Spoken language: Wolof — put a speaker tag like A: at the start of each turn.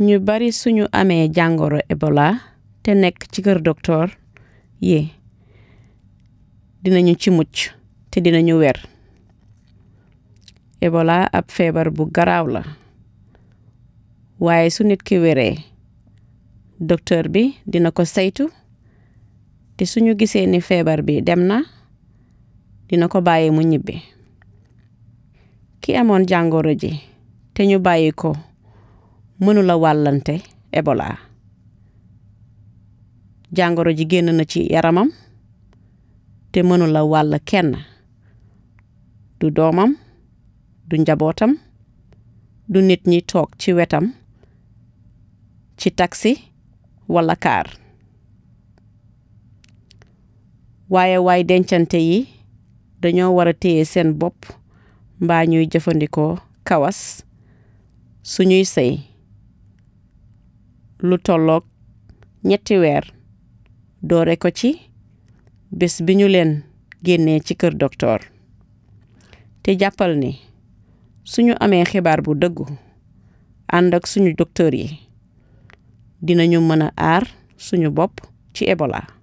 A: ñu bari suñu amee jàngoro Ebola te nekk ci kër doktor yi dinañu ci mucc te dinañu wer Ebola ab feebar bu garaaw la waaye su nit ki weree docteur bi dina ko saytu te suñu gisee ni feebar bi dem na dina ko bàyyi mu ñibbi ki amoon jàngoro ji te ñu bàyyi mënula wàllante Ebola jàngoro ji génn na ci yaramam te mënula wàll kenn du doomam du njabootam du nit ñi toog ci wetam ci taksi walla kaar waaye waay dencante yi dañoo wara a seen bopp mbaa ñuy jëfandikoo kawas suñuy sëy lu tolloog ñetti weer doore ko ci bés bi ñu leen génnee ci kër doktoor te jàppal ni suñu amee xibaar bu dëggu ànd ak suñu docteur yi dinañu mën a aar suñu bopp ci Ebola